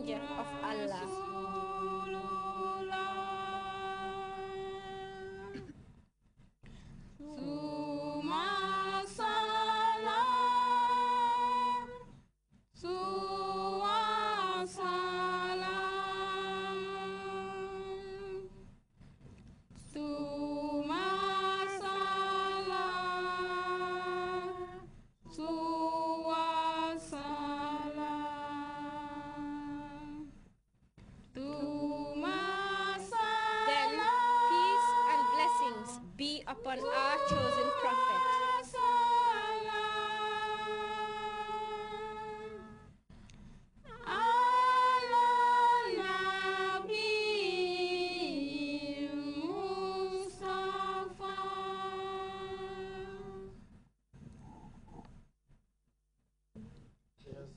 of Allah our chosen prophet. Yes.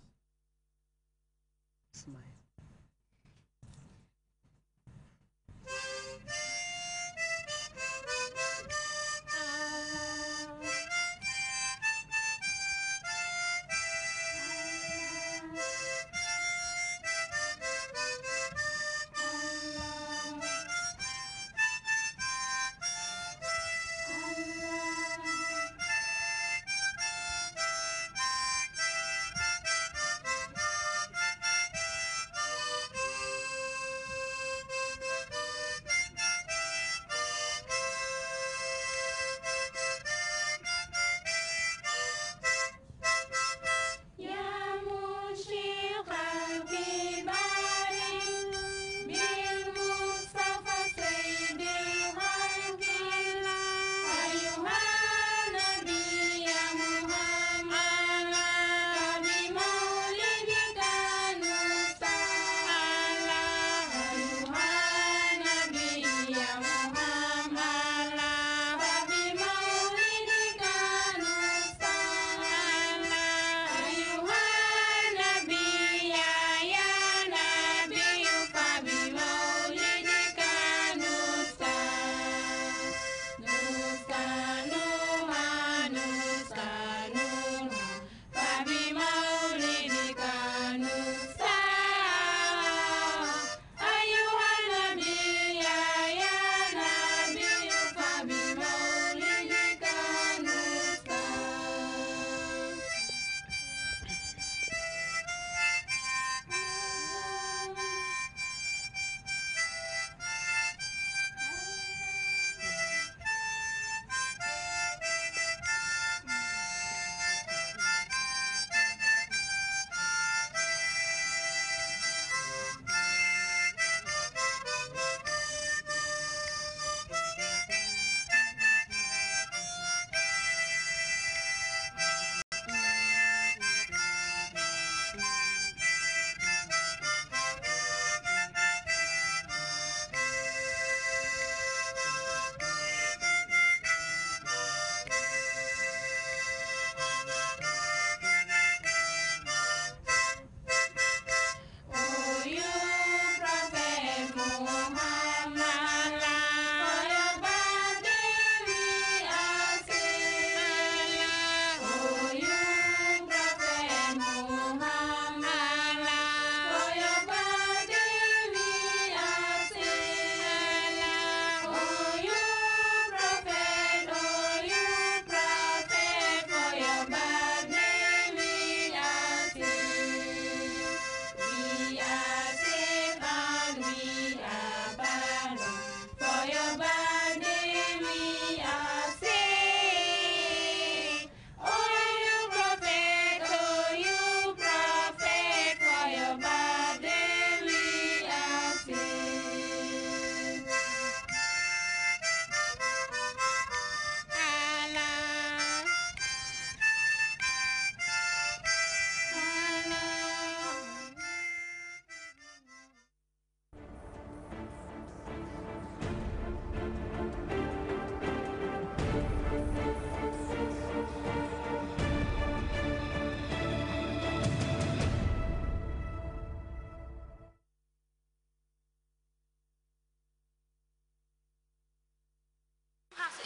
Smile.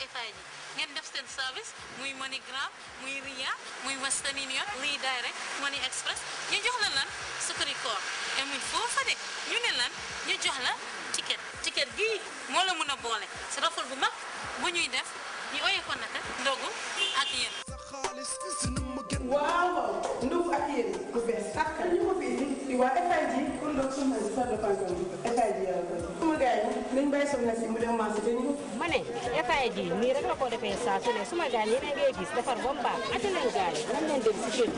état ji ngeen def seen service muy MoneyGram muy Ria muy Western Union Lee Direct Money Express ñu jox la lan Sucricor emuñ foofa de ñu ne lan ñu jox la ticket ticket gii moo la mën a boole si raful bu mag bu ñuy def ñu oyee ko naka ndogu ak yéen waaw Ndour ak yéen bu bees sax ñu ko fii di waa FIG pour nga suma salle de pension FIG yàlla koy sama gars yi nañ bàyyi soxna si mu dem marché te ñu ne FIG nii rek la ko defee saa su ne suma gars yi yéen gis defar ba ate leen gars yi nañ dem si kër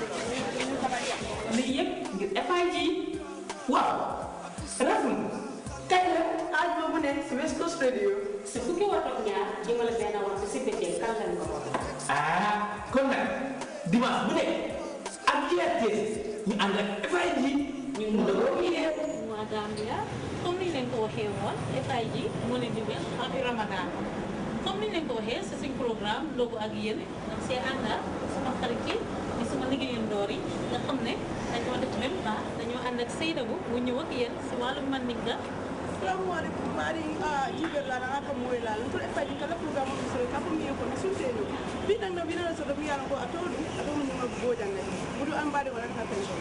lii yëpp ngir FIG waaw rafet tey la aaj ne si West si fukki waxtu ak ñaar jëmale benn waxtu si bëccëg kan la dimanche bu nekk ak GRTS ñu ànd ak FIG ñu mun a woo yéen. waa Gambia comme ni ñu leen ko waxee woon FIG moo leen di mel ak Ramadan comme ni ñu leen ko waxee si suñ programme loogu ak yéen ndax see ànd ak sama xarit yi ak sama liggéeyandoor yi nga xam ne dañoo def même pas dañoo ànd ak Seydou bu ñëw ak yéen si wàllu man mi nga. programme wari mari jibel la nga ko moy la lu e fadi kala programme ko sura kapo mi bina so do mi yalla ko atolu ato mo ma bo jangal budu am bari wala ka pension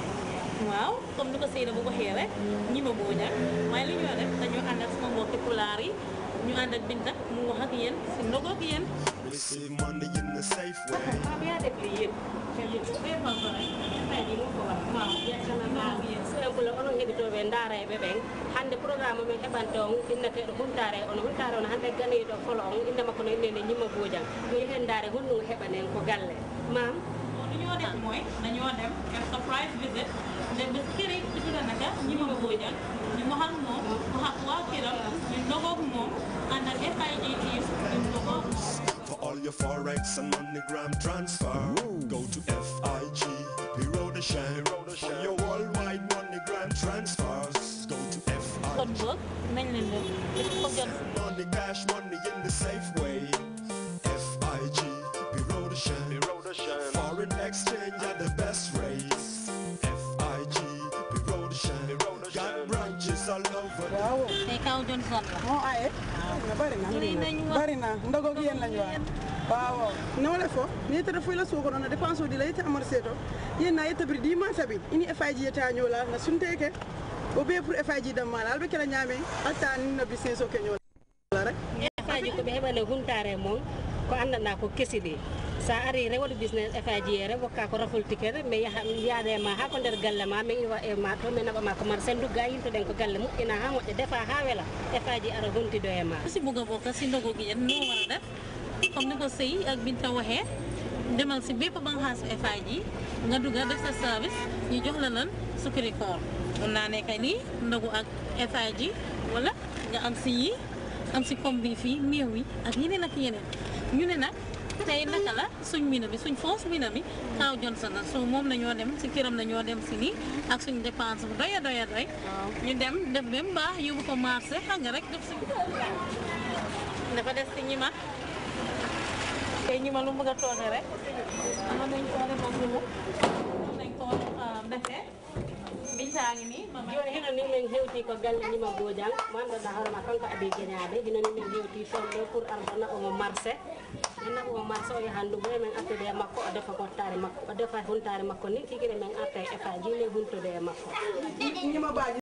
waaw comme nuko seyna bu waxé rek ñi ma bo jang may lu ñu def dañu and ak kulla onon heɗitoɓe daaraɓe ɓen hande programme men heɓanta on inneteɗo huntare on huntare on hande ganiɗo folo on indema kono innene ñimma buujan mi yehen daare honɗum heɓanen ko galle mam dañoo oh, def mooy dañoo dem def surprise visit dem ba kër yi tudd na naka ñima buujan ñu mu xam moom mu xam waa këram ñu dogoog moom ànd ak FIGT ñu dogoog For all your forex and moneygram transfer, Woo. go to FIG. Hero a shell. For your worldwide money transfers. Go to Money cash, money in the safe way. FIG, Bureau de Shell. Foreign exchange at the best rates. FIG, Got branches all over. Wow. Take out Oh, I. na. Ndogo gien lañu Bravo. Nawle fo netata foyla sogono na dépense di layta amar seto yen na yetta bir di ma sabi ini faji yeta nyola na sunteke o be pour faji dam mala albe kala nyame alta ni na bi senso kenyola rek faji ko be hebale huntare mon ko na ko kesi di sa ari rewde business efaji e rewo ka ko rafoltikere mais yaha yaadema ha ko der galle ma me iwa e ma to ba ma ko mar sen to den ko galle ina ha moƴƴa defa ha weela faji ara do e ma si buga bo kasi dogogi en no wara def kom ni ko seyi ak demal si bépp banxaas efaji nga duga def sa service ñu jox la lan ko on na ne kay ni ndogu ak efaji wala nga am si yi am si kom bi fi ak yene nak yene ñu ne nag tey naka la suñ mina bi suñ mina bi Johnson la su mom la dem si kiram la dem si nii ak suñ dépense bu doy a doy a doy ñu dem ba mu ko marché xam rek def si dafa des si ñi ma lu bëgg a rek ama nañ toone moom lu mu nañ ko defee bisagi ni joni heno ni min hewti ko galle ñima bojang manda daharma kanko ni anda ko marché o yahan ɗum ɓe min e makko o defa gottare makko o defa huntare makko ni tigui remin arta e faji ni huntude e makko